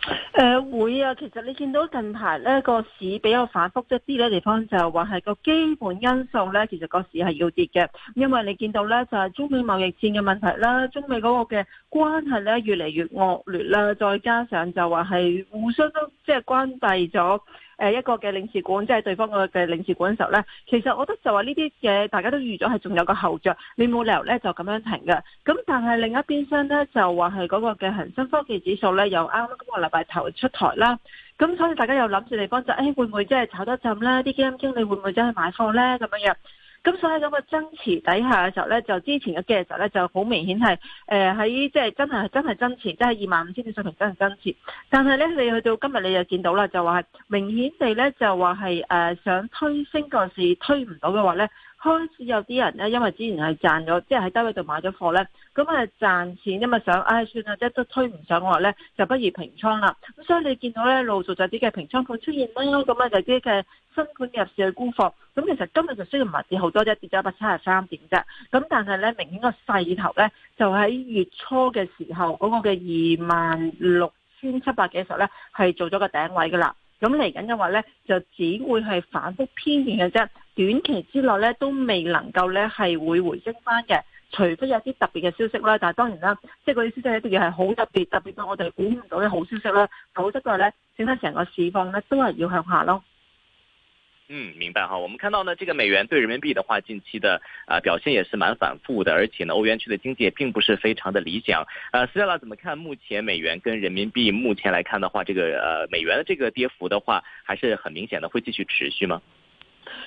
誒、呃，會啊！其實你見到近排咧個市比較反覆，一啲嘅地方就話係個基本因素咧，其實個市係要跌嘅，因為你見到咧就係、是、中美貿易戰嘅問題啦，中美嗰個嘅關係咧越嚟越惡劣啦，再加上就話係互相都即係、就是、關閉咗。誒一個嘅領事館，即係對方個嘅領事館嘅時候呢，其實我覺得就話呢啲嘢大家都預咗，係仲有個後着，你冇理由呢就咁樣停嘅。咁但係另一邊身呢，就話係嗰個嘅恒生科技指數呢，又啱啱今個禮拜頭出台啦。咁所以大家又諗住地方就，誒會唔會即係炒得滲呢？啲基金經理會唔會真係買貨呢？」咁樣樣。咁所以喺咁嘅增持底下嘅時候咧，就之前嘅幾日就咧就好明顯係，誒喺即係真係真係增持，即係二萬五千點水平真係增持。但係咧，你去到今日你又見到啦，就話係明顯地咧就話係誒想推升個市推唔到嘅話咧。開始有啲人咧，因為之前係賺咗，即係喺低位度買咗貨咧，咁啊賺錢，因為想，唉、哎，算啦，即係都推唔上落咧，就不如平倉啦。咁所以你見到咧，陸續就啲嘅平倉盤出現啦，咁啊就啲嘅新盤入市嘅沽貨。咁其實今日就雖然唔係跌好多啫，跌咗一百七十三點啫。咁但係咧，明顯個勢頭咧，就喺月初嘅時候嗰、那個嘅二萬六千七百幾十咧，係做咗個頂位噶啦。咁嚟緊嘅話咧，就只會係反覆偏見嘅啫。短期之內咧都未能夠咧係會回升翻嘅，除非有啲特別嘅消息啦。但係當然啦，即係嗰啲消息一定要係好特別，特別到我哋估唔到嘅好消息啦，否則嘅咧整翻成個市況咧都係要向下咯。嗯，明白哈。我們看到呢，這個美元對人民幣的話，近期的啊、呃、表現也是蠻反覆的，而且呢，歐元區的經濟也並不是非常的理想。啊、呃，實際上，怎麼看目前美元跟人民幣？目前來看的話，這個呃美元的這個跌幅的話，還是很明顯的，會繼續持續嗎？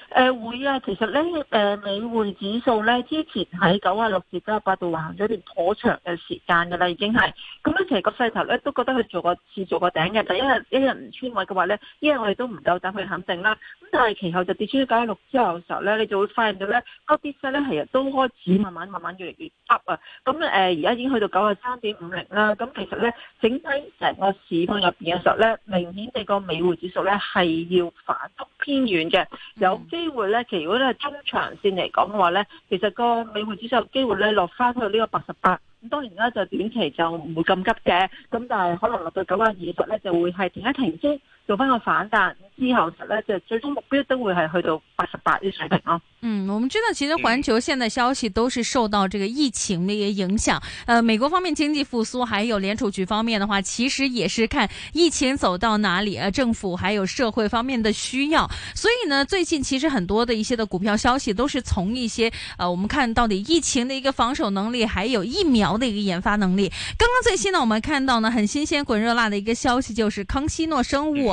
誒、呃、會啊，其實咧誒、呃、美匯指數咧之前喺九啊六至九啊八度橫咗段頗長嘅時間噶啦，已經係咁咧，其實個勢頭咧都覺得佢做個次、做個頂嘅，但係一天一日唔穿位嘅話咧，因為我哋都唔夠膽去肯定啦。咁但係其後就跌穿咗九啊六之後嘅時候咧，你就會發現到咧嗰啲息咧係都開始慢慢慢慢越嚟越急啊。咁誒而家已經去到九啊三點五零啦。咁、嗯、其實咧整體成個市況入邊嘅時候咧，明顯地個美匯指數咧係要反覆偏軟嘅有。有機會咧，其實如果係中長線嚟講嘅話咧，其實個美匯指數有機會咧落翻去呢個八十八。咁當然啦，就短期就唔會咁急嘅，咁但係可能落到九廿二十咧就會係停一停先。做翻個反彈之後呢，就最終目標都會係去到八十八啲水平咯。嗯，我們知道其實環球現在消息都是受到這個疫情的一個影響。誒、呃，美國方面經濟復蘇，還有聯儲局方面的話，其實也是看疫情走到哪裏，誒、啊、政府還有社會方面的需要。所以呢，最近其實很多的一些的股票消息都是從一些，誒、呃、我們看到底疫情的一個防守能力，還有疫苗的一個研發能力。剛剛最新呢，我們看到呢，很新鮮滾熱辣的一個消息，就是康希諾生物。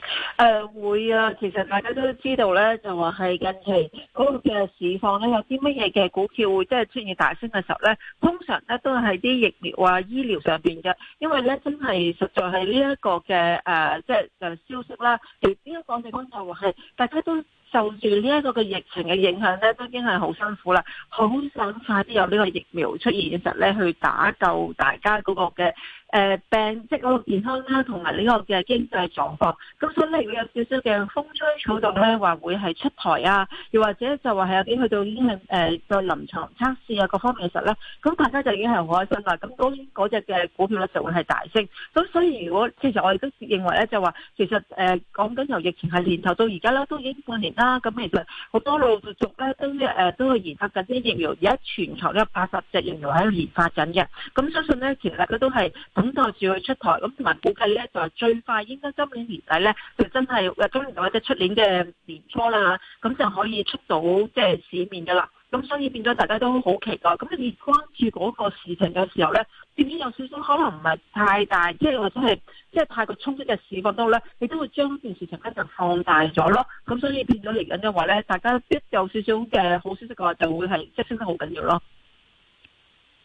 誒、呃，會啊！其實大家都知道咧，就話係近期嗰個嘅市況咧，有啲乜嘢嘅股票會即係出現大升嘅時候咧，通常咧都係啲疫苗啊、醫療上面嘅，因為咧真係實在係呢一個嘅誒、呃，即係誒消息啦。其呢一個地方就話係，大家都受住呢一個嘅疫情嘅影響咧，都已經係好辛苦啦，好想快啲有呢個疫苗出現嘅時候咧，去打救大家嗰個嘅。誒、呃，病即係個健康啦、啊，同埋呢個嘅經濟狀況。咁所以咧會有少少嘅風吹草動咧，話會係出台啊，又或者就話係有啲去到已經係誒在臨床測試啊，各方面實咧。咁大家就已經係好開心啦。咁當然嗰隻嘅股票咧就會係大升。咁所以如果其實我亦都認為咧，就話其實誒、呃、講緊由疫情係年頭到而家啦，都已經半年啦。咁其實好多路陸續咧都誒、呃、都去研發緊啲疫苗。而家全球都有八十隻疫苗喺度研發緊嘅。咁相信咧其實佢都係。等待住佢出台，咁同埋估計咧，就係最快應該今年年底咧，就真係誒今年或者出年嘅年初啦，咁就可以出到即係市面㗎啦。咁所以變咗大家都好期待。咁你關注嗰個事情嘅時候咧，點知有少少可能唔係太大，即係或者係即係太過沖擊嘅市況都咧，你都會將呢件事情咧就放大咗咯。咁所以變咗嚟緊嘅話咧，大家一有少少嘅好消息嘅話，就會係即係升得好緊要咯。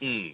嗯。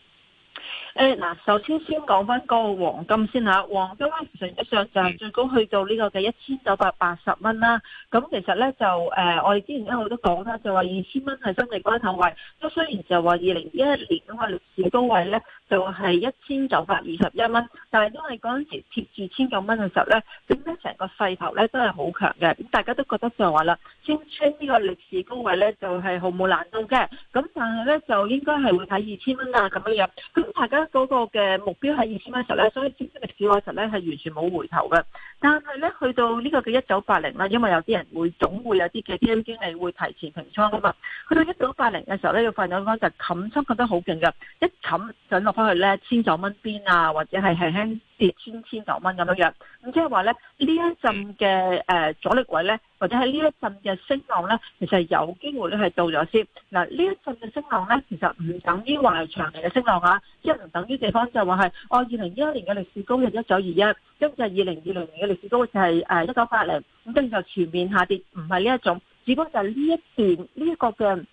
誒嗱，首先先講翻嗰個黃金先吓，黃金咧實際上就係最高去到呢個嘅一千九百八十蚊啦。咁其實咧就誒、呃，我哋之前一路都講啦，就話二千蚊係心理關口位。咁雖然就話二零一一年嘅歷史高位咧，就係一千九百二十一蚊，但係都係嗰陣時貼住千九蚊嘅時候咧，點解成個勢頭咧都係好強嘅？咁大家都覺得就話啦，宣稱呢個歷史高位咧就係、是、毫無難度嘅。咁但係咧就應該係會睇二千蚊啊咁樣樣。咁大家。嗰個嘅目標係二千蚊嘅時候咧，所以尖峰歷史嗰時咧係完全冇回頭嘅。但係咧去到呢個嘅一九八零啦，因為有啲人會總會有啲嘅基金經理會提前平倉噶嘛。去到一九八零嘅時候咧，要發現個份咗方就冚倉冚得好勁嘅，一冚滾落翻去咧千九蚊邊啊，或者係輕輕千千九蚊咁樣，咁即係話咧呢一陣嘅誒、呃、阻力位咧，或者係呢一陣嘅升浪咧，其實係有機會咧係到咗先。嗱、呃、呢一陣嘅升浪咧，其實唔等於話係長期嘅升浪啊，即係唔等於地方就話係哦二零一一年嘅歷史高嘅一九二一，跟住二零二零年嘅歷史高就係誒一九八零，咁跟住就全面下跌，唔係呢一種，只不過就係呢一段呢一、這個嘅。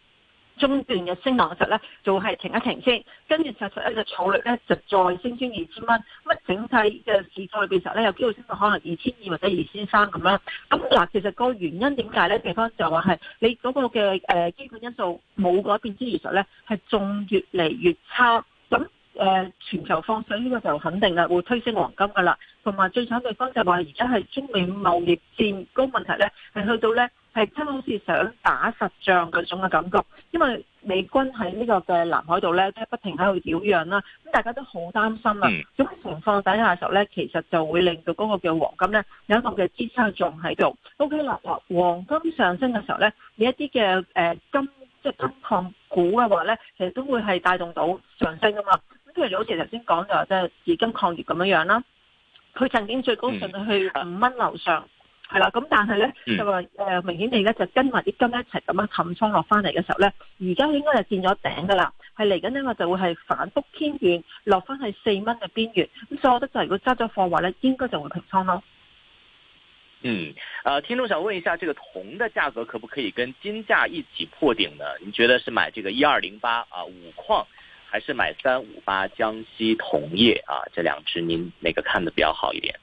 中段嘅升浪嘅時候咧，就係停一停先，跟住實實一個草率咧就再升穿二千蚊，咁整體嘅市況裏邊實咧有機會升到可能二千二或者二千三咁樣。咁、嗯、嗱，其實個原因點解咧？地方就話係你嗰個嘅誒、呃、基本因素冇改變之餘，實咧係仲越嚟越差。咁誒、呃，全球放水呢個就肯定啦，會推升黃金噶啦。同埋最慘地方就係話，而家係中美貿易戰嗰個問題咧，係去到咧。係真好似想打實仗嗰種嘅感覺，因為美軍喺呢個嘅南海度咧，即係不停喺度擾攘啦，咁大家都好擔心啦。咁、嗯、情況底下嘅時候咧，其實就會令到嗰個叫黃金咧有一個嘅支撐仲喺度。O.K. 啦，黃金上升嘅時候咧，你一呃、呢一啲嘅誒金即係金礦股嘅話咧，其實都會係帶動到上升㗎嘛。咁譬如你好似頭先講嘅即係紫金礦業咁樣樣啦，佢曾經最高上去五蚊樓上。嗯嗯。係啦，咁但係咧就話誒，明顯地而家就跟埋啲金一齊咁樣冚倉落翻嚟嘅時候咧，而家應該係見咗頂噶啦。係嚟緊呢我就會係反覆偏軟落翻去四蚊嘅邊緣。咁、嗯、所以我覺得就如果揸咗貨話咧，應該就會平倉咯。嗯，誒、呃，聽眾想問一下，這個銅的價格可不可以跟金價一起破頂呢？你覺得是買這個一二零八啊五礦，還是買三五八江西銅業啊？這兩隻，您哪個看得比較好一點？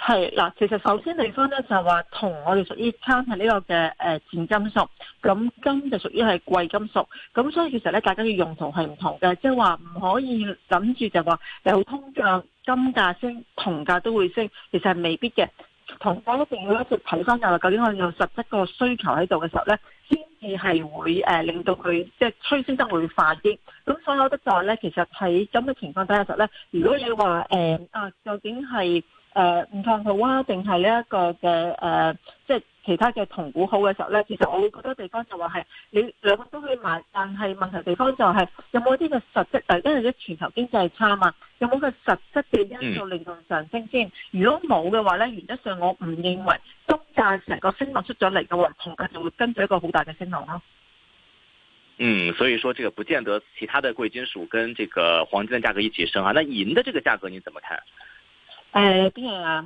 係嗱，其實首先地方咧就係話，銅我哋屬於參喺呢個嘅誒賤金屬，咁金就屬於係貴金屬，咁所以其實咧，大家嘅用途係唔同嘅，即係話唔可以諗住就話有通脹，金價升，銅價都會升，其實係未必嘅。銅價一定要一直睇翻就話究竟我哋有實質個需求喺度嘅時候咧，先至係會誒令到佢即係催升得會快啲。咁所以我都話咧，其實喺咁嘅情況底下，時候咧，如果你話誒、嗯、啊，究竟係？誒，唔同好啊？定係呢一個嘅誒，即係其他嘅銅股好嘅時候咧？其實我會覺得地方就話係你兩個都可以買，但係問題地方就係有冇啲嘅實質？誒，因為而家全球經濟差嘛，有冇個實質嘅因素令到上升先？如果冇嘅話咧，原則上我唔認為金價成個升浪出咗嚟嘅話，銅價就會跟住一個好大嘅升浪咯。嗯，所以說這個不見得其他的貴金屬跟這個黃金嘅價格一起升啊？那銀的這個價格你怎麼看？誒，邊樣、uh, 啊？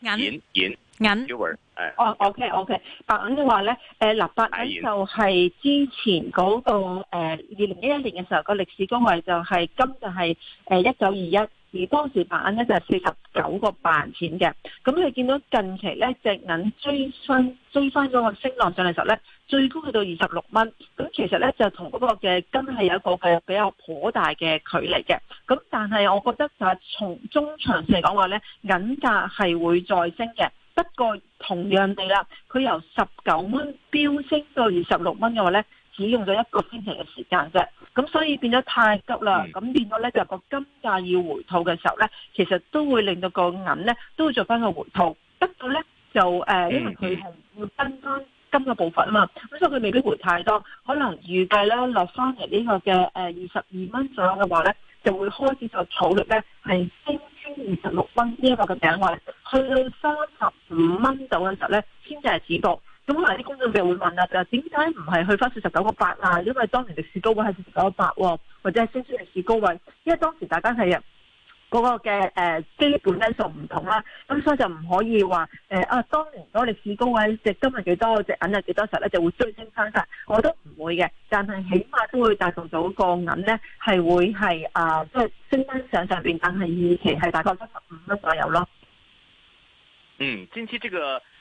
銀銀銀，誒銀，哦銀、oh,，OK OK，白銀嘅話咧，誒、呃，立白咧就係之前嗰、那個，誒、呃，二零一一年嘅時候個歷史高位就係、是、今就係、是，誒、呃，一九二一。而當時白銀咧就係四十九個八錢嘅，咁你見到近期咧隻銀追翻追翻咗個升浪上嚟時候咧，最高去到二十六蚊，咁其實咧就同嗰個嘅金係有一個係比較頗大嘅距離嘅，咁但係我覺得就係從中長期嚟講話咧，銀價係會再升嘅，不過同樣地啦，佢由十九蚊飆升到二十六蚊嘅話咧。只用咗一個星期嘅時間啫，咁所以變咗太急啦，咁、嗯、變咗咧就個金價要回吐嘅時候咧，其實都會令到個銀咧都會做翻個回吐，不過咧就誒、呃，因為佢係會分開金嘅部分啊嘛，咁所以佢未必回太多，可能預計咧落翻嚟呢個嘅誒二十二蚊左右嘅話咧，就會開始就草率咧係升穿二十六蚊呢一個嘅頂位，去到三十五蚊度嘅時候咧先至係止步。咁嗱，啲公眾就會問啦，就點解唔係去翻四十九個八啊？因為當年歷史高位係四十九個八，或者係升穿歷史高位，因為當時大家係嗰個嘅誒基本因素唔同啦，咁所以就唔可以話誒啊，當年嗰個市高位值今日幾多隻銀啊幾多時咧，就會追升翻晒。我都唔會嘅，但係起碼都會帶動到個銀咧係會係啊，即係升翻上上邊，但係預期係大概七十五蚊左右咯。嗯，先知呢個。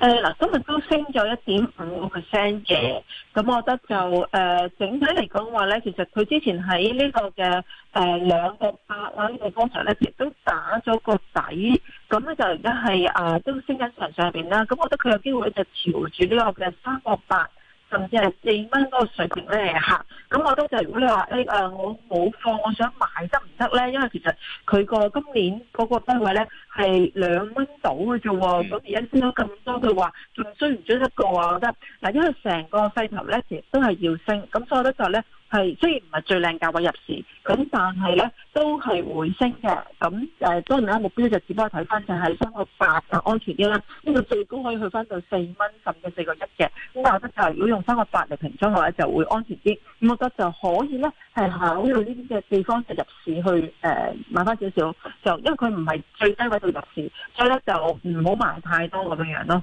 誒，嗱，uh, 今日都升咗一點五個 percent 嘅，咁我覺得就誒、呃，整體嚟講話咧，其實佢之前喺、呃、呢個嘅誒兩個八啦呢個波上咧，亦都打咗個底，咁咧就而家係啊都升緊上上邊啦，咁我覺得佢有機會就朝住呢個嘅三個八。8, 甚至係四蚊嗰個水平咧嚇，咁我都就，如果你話誒誒，我冇貨，我想買得唔得咧？因為其實佢個今年嗰個單位咧係兩蚊到嘅啫喎，咁而家升咗咁多佢話，仲追唔追得過啊？我覺得嗱，因為成個勢頭咧，其實都係要升，咁所以咧就咧。係，雖然唔係最靚價位入市，咁但係咧都係回升嘅。咁、嗯、誒當然啦，目標就只不過睇翻就係三個八就安全啲啦。呢個最高可以去翻到四蚊甚至四個一嘅。咁我覺得就如果用三個八嚟平倉嘅話，就會安全啲。咁我覺得就可以咧，係考慮呢啲嘅地方就入市去誒買翻少少，就因為佢唔係最低位度入市，所以咧就唔好買太多咁樣樣咯。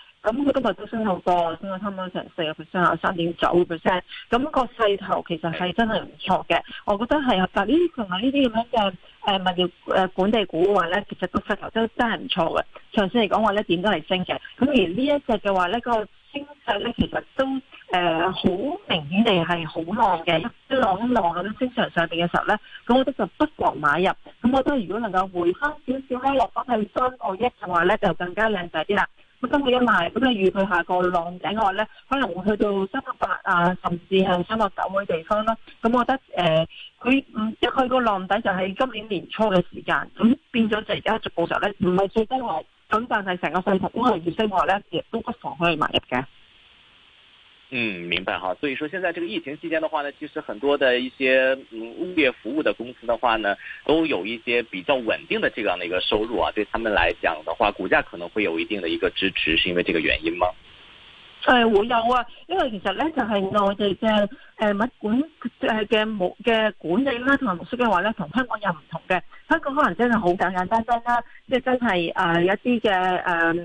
咁佢今日都升好個，升咗差唔多成四個 percent，有三點九個 percent。咁、個勢頭其實係真係唔錯嘅，我覺得係。但呢啲同埋呢啲咁樣嘅誒物業誒本地股嘅話咧，其實個勢頭都真係唔錯嘅。長線嚟講話咧，點都係升嘅。咁而呢一隻嘅話咧，個升勢咧其實都誒好、呃、明顯地係好、嗯、浪嘅，一浪一浪咁升上上邊嘅時候咧，咁我覺得就不妨買入。咁我覺得如果能夠回翻少少咧，落翻去三個億嘅話咧，就更加靚仔啲啦。咁今一賣，咁你預佢下個浪底嘅話咧，可能會去到三百八啊，甚至係三百九嘅地方咯。咁、啊、我、嗯、覺得誒，佢、呃、一、嗯、去個浪底就係今年年初嘅時間，咁變咗就而家逐步就咧，唔係最低位咁，但係成個市場都係越升落咧，亦都不妨可以買入嘅。嗯，明白哈。所以說，現在這個疫情期間的話呢，其實很多的一些嗯物業服務的公司的話呢，都有一些比較穩定的這樣的一個收入啊。對他們來講的話，股價可能會有一定的一個支持，是因為這個原因嗎？誒、呃，會有啊，因為其實呢，就係內地嘅誒物管誒嘅目嘅管理啦、啊，同埋模式嘅話呢同香港又唔同嘅。香港可能真係好簡簡單單啦、啊，即係真係誒、呃、一啲嘅誒。呃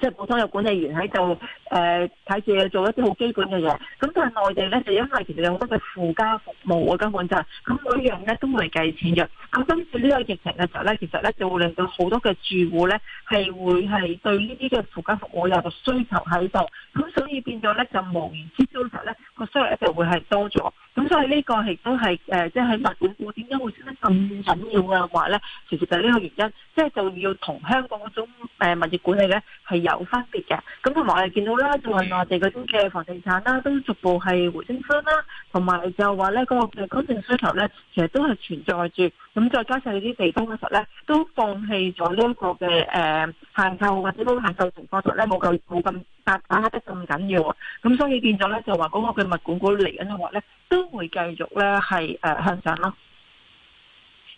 即係普通有管理員喺度，誒睇住做一啲好基本嘅嘢。咁但係內地咧，就因為其實有好多嘅附加服務啊，根本就係咁，每樣咧都係計錢嘅。咁跟住呢個疫情嘅時候咧，其實咧就會令到好多嘅住戶咧係會係對呢啲嘅附加服務有個需求喺度。咁所以變咗咧就無言之招嘅時候咧，個需求一定會係多咗。咁所以呢個亦都係誒，即係喺物管股點解會變得咁緊要嘅話咧，其實就係呢個原因，即係就要同香港嗰種。誒物業管理咧係有分別嘅，咁同埋我哋見到啦，就係內地嗰啲嘅房地產啦、啊，都逐步係回升翻啦、啊，同埋就話咧嗰個嘅剛性需求咧，其實都係存在住，咁再加上啲地方嘅時候咧都放棄咗呢一個嘅誒、呃、限購或者冇限購情況下咧，冇夠冇咁打打的咁緊要，咁所以變咗咧就話嗰個嘅物管股嚟緊嘅話咧，都會繼續咧係誒向上咯。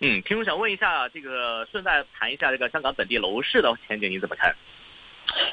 嗯，聽眾想問一下，這個順帶談一下，這個香港本地樓市的前景，你怎麼睇？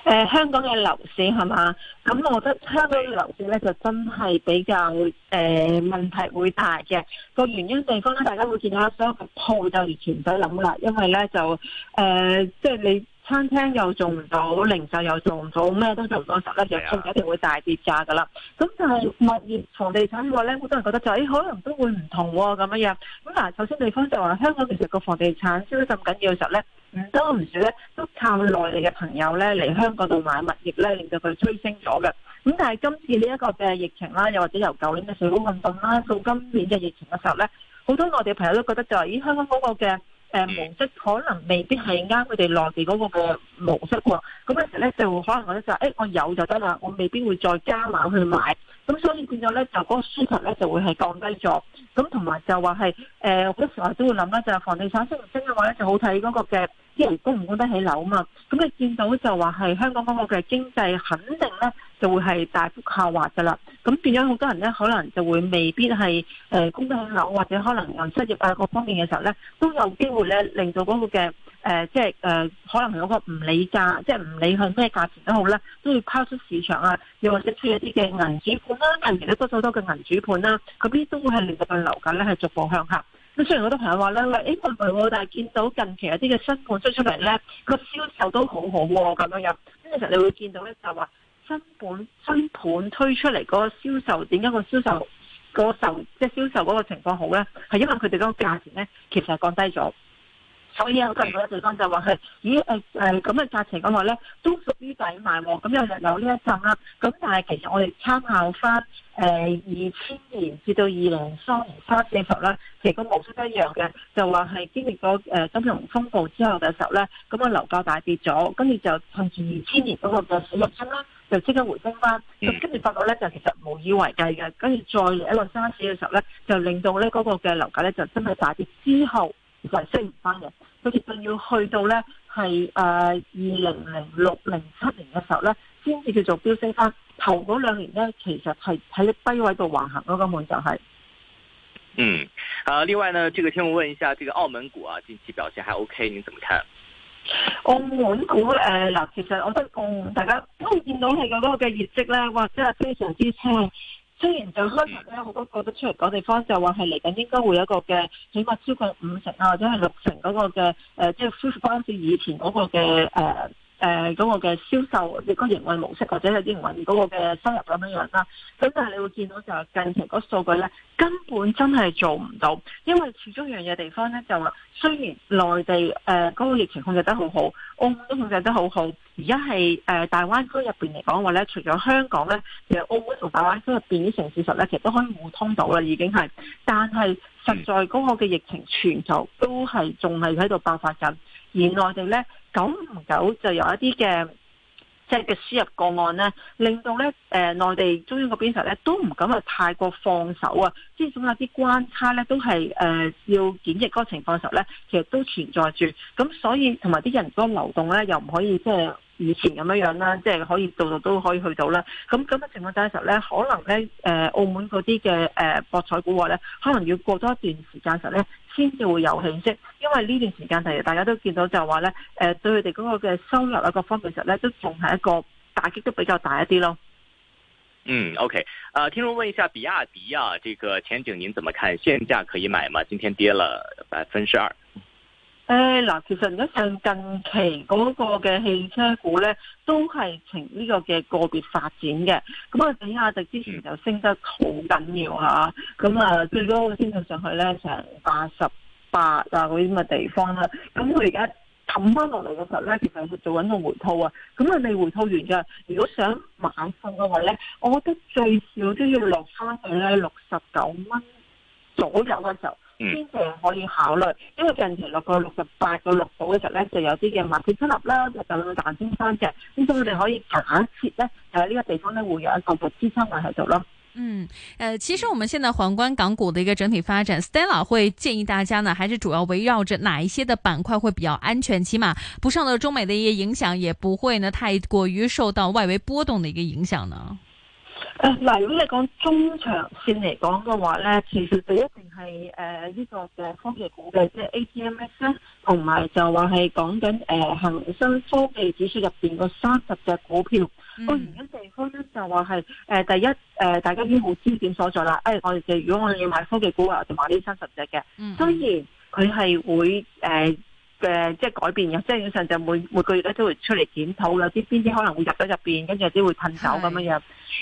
誒、呃，香港嘅樓市係嘛？咁我覺得香港嘅樓市咧就真係比較誒、呃、問題會大嘅，個原因地方咧，大家會見到所有鋪就完全唔使諗啦，因為咧就誒、呃、即係你。餐廳又做唔到，零售又做唔到，咩都做唔到，實咧，日後就一定會大跌價噶啦。咁但係物業、房地產嘅話咧，好多人覺得就係、咦、可能都會唔同咁、哦、樣樣。咁、啊、嗱，首先地方就話香港其實個房地產銷售緊要嘅時候咧，唔多唔少咧都靠內地嘅朋友咧嚟香港度買物業咧，令到佢推升咗嘅。咁但係今次呢一個嘅疫情啦，又或者由舊年嘅社會運動啦，到今年嘅疫情嘅時候咧，好多內地嘅朋友都覺得就係、是、咦，香港嗰個嘅。誒、呃、模式可能未必係啱佢哋內地嗰個嘅模式喎、啊，咁嗰 時咧就可能佢就話、欸：，我有就得啦，我未必會再加碼去買。咁、嗯、所以變咗咧，就嗰個需求咧就會係降低咗。咁同埋就話係，誒好多時候都會諗咧，就係、是、房地產升唔升嘅話咧，就好睇嗰個嘅啲人供唔供得起樓啊嘛。咁、嗯、你見到就話係香港嗰個嘅經濟肯定咧就會係大幅下滑噶啦。咁、嗯、變咗好多人咧，可能就會未必係誒供得起樓，或者可能有失業啊各、那個、方面嘅時候咧，都有機會咧令到嗰個嘅。誒、呃，即係誒、呃，可能有個唔理價，即係唔理佢咩價錢都好咧，都要拋出市場啊，又或者出一啲嘅銀主盤啦，近期都多數多嘅銀主盤啦，咁呢都會係令到個樓價咧係逐步向下。咁雖然好多朋友話咧，喂，誒唔係，但係見到近期一啲嘅新盤推出嚟，咧，個銷售都好好，啊、喎，咁樣樣。咁其實你會見到咧，就話新盤新盤推出嚟嗰個銷售，點解個銷售，個售即係銷售嗰，就是、個情況好咧？係因為佢哋嗰個價錢咧，其實降低咗。可以，我近嗰個地方就話係，咦誒誒咁嘅價錢咁話咧，都屬於抵買喎。咁又有呢一陣啦。咁但係其實我哋參考翻誒二千年至到二零三年三四十年咧，其實模式都一樣嘅，就話係經歷咗誒金融風暴之後嘅時候咧，咁個樓價大跌咗，跟住就住二千年嗰個嘅水位啦，就即刻回升翻。咁跟住發覺咧，就其實無以為繼嘅。跟住再嚟一個沙士嘅時候咧，就令到咧嗰個嘅樓價咧就真係大跌之後。其實係升唔翻嘅，佢甚至要去到咧係誒二零零六零七年嘅時候咧，先至叫做飆升翻。頭嗰兩年咧，其實係喺低位度橫行嗰個門就係。嗯，啊，另外呢，這個聽我問一下，這個澳門股啊，近期表現係 O K，你怎麼看？嗯啊呢這個這個、澳門股誒、啊，嗱、OK, 呃，其實我覺得，我、嗯、大家都見到係嗰個嘅業績咧，哇，真係非常之差。雖然就出嚟咧，好多個都出嚟嗰地方就話係嚟緊應該會有一個嘅，起碼超過五成啊，或者係六成嗰個嘅，誒、呃，即係恢復翻至以前嗰個嘅誒。呃誒，嗰個嘅銷售亦都營運模式，或者有啲營運嗰個嘅收入咁樣樣啦。咁但係你會見到就係近期嗰個數據咧，根本真係做唔到，因為始終一樣嘢地方咧就話，雖然內地誒嗰個疫情控制得好好，澳門都控制得好好，而家係誒大灣區入邊嚟講嘅話咧，除咗香港咧，其實澳門同大灣區入邊啲城市實咧其實都可以互通到啦，已經係，但係實在嗰個嘅疫情全球都係仲係喺度爆發緊，而內地咧。久唔久就有一啲嘅即係嘅輸入個案咧，令到咧誒、呃、內地中央嗰邊的時候咧都唔敢去太過放手啊，即係總有啲關卡咧都係誒、呃、要檢疫嗰個情況時候咧，其實都存在住。咁所以同埋啲人嗰個流動咧又唔可以即係以前咁樣樣啦，即係可以度度都可以去到啦。咁咁嘅情況底下時候咧，可能咧誒、呃、澳門嗰啲嘅誒博彩股話咧，可能要過多一段時間時候咧。先至會有興息，因為呢段時間其實大家都見到就話呢，誒、呃、對佢哋嗰個嘅收入啊各方面，其實咧都仲係一個打擊都比較大一啲咯。嗯，OK，啊、呃，聽眾問一下，比亞迪啊，這個前景您怎麼看？現價可以買嗎？今天跌了百分之二。誒，嗱、哎，其實而家上近期嗰個嘅汽車股咧，都係呈呢個嘅個別發展嘅。咁啊，比亞迪之前就升得好緊要吓、啊，咁啊，最多升到上去咧成八十八啊嗰啲咁嘅地方啦、啊。咁佢而家冚翻落嚟嘅時候咧，其實做緊個回吐啊。咁佢你回吐完咗，如果想買翻嘅話咧，我覺得最少都要落翻去咧六十九蚊左右嘅時候。先期可以考慮，因為近期落過六十八個六到嘅時候咧，就有啲嘅賣盤出嚟啦，就等彈升翻嘅，咁所以我哋可以揀切咧，誒呢個地方咧會有一個支撐喺度咯。嗯，誒、呃，其實我們現在橫觀港股的一個整體發展，Stella 會建議大家呢，還是主要圍繞着哪一些的板塊會比較安全，起碼不受到中美的一些影響，也不會呢太過於受到外圍波動的一個影響呢？誒，嗱、呃，如果你講中長線嚟講嘅話咧，其實就一定係誒呢個嘅科技股嘅，即係 ATMS 咧，同埋就話係講緊誒恒生科技指數入邊個三十隻股票。嗯、個原因地方咧就話係誒第一，誒、呃、大家已經好知焦點所在啦。誒、哎，我哋嘅如果我要買科技股，我就買呢三十隻嘅。雖然佢係會誒。呃嘅即係改變嘅，即係上就每每個月咧都會出嚟檢討，有啲邊啲可能會入到入邊，跟住有啲會噴走咁樣樣。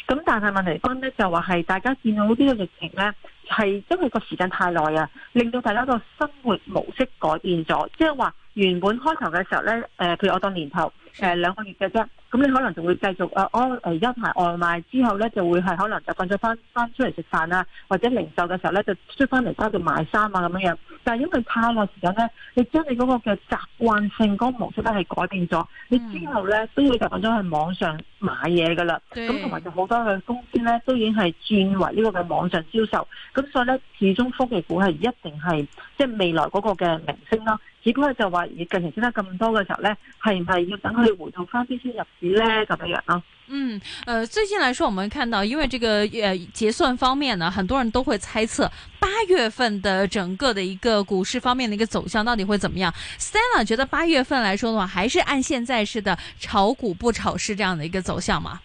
咁但係問題方咧就話係大家見到呢個疫情咧，係因為個時間太耐啊，令到大家個生活模式改變咗，即係話原本開頭嘅時候咧，誒、呃、譬如我當年頭誒兩、呃、個月嘅啫。咁你可能就會繼續啊安誒一排外賣之後咧，就會係可能習慣咗翻翻出嚟食飯啊，或者零售嘅時候咧，就出翻嚟包括買衫啊咁樣樣。但係因為差唔多時間咧，你將你嗰個嘅習慣性嗰個模式咧係改變咗，嗯、你之後咧都會習慣咗去網上。買嘢噶啦，咁同埋就好多嘅公司咧都已經係轉為呢個嘅網上銷售，咁所以咧始終科技股係一定係即係未來嗰個嘅明星咯。只不過就話而近期升得咁多嘅時候咧，係唔係要等佢回到翻啲先入市咧咁樣樣咯？嗯，呃，最近來說，我們看到因為這個，呃，結算方面呢，很多人都會猜測八月份的整個的一個股市方面的一個走向到底會怎麼樣。Stella 覺得八月份來說的話，還是按現在式的炒股不炒市這樣的一個走向嘛？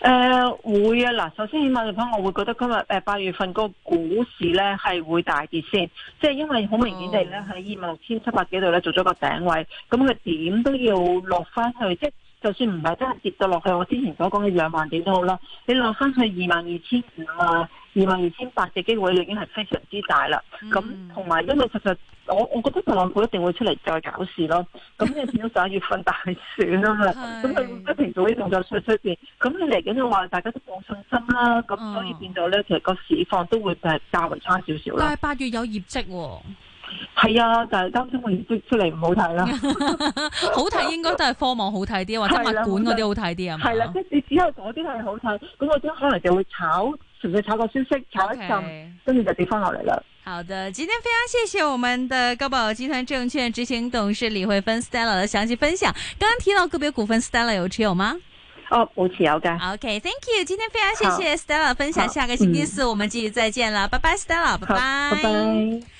誒，會啊，嗱，首先起碼嚟講，我會覺得今日誒、呃、八月份個股市呢係會大跌先，即係因為好明顯地咧喺二萬六千七百幾度呢、哦、26, 呢做咗個頂位，咁佢點都要落翻去，即就算唔係真係跌到落去，我之前所講嘅兩萬點都好啦，你落翻去二萬二千五啊，二萬二千八嘅機會已經係非常之大啦。咁同埋，因為其實，我我覺得特朗普一定會出嚟再搞事咯。咁你見到十一月份大選啊嘛，咁佢不停做呢作稅出變，咁你嚟緊嘅話，大家都冇信心啦。咁、嗯、所以變咗咧，其實個市況都會係較為差少少啦。但係八月有業績喎、哦。係啊，但係擔心我出出嚟唔好睇啦。好睇應該都係科網好睇啲，或者物管嗰啲好睇啲啊。係啦，即係你只有嗰啲係好睇，咁我啲可能就會炒純粹炒個消息，炒一陣，跟住就跌翻落嚟啦。好的，今天非常謝謝我們的高寶集團證券執行董事李慧芬 Stella 嘅詳細分享。剛剛提到個別股份，Stella 有持有嗎？哦，冇持有噶。OK，Thank you。今天非常謝謝 Stella 分享，下個星期四我們繼續再見啦，拜拜，Stella，拜拜。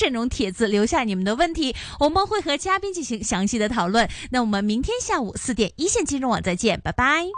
這種帖子留下你們的問題，我們會和嘉賓進行詳細的討論。那我們明天下午四點，一線金融網再見，拜拜。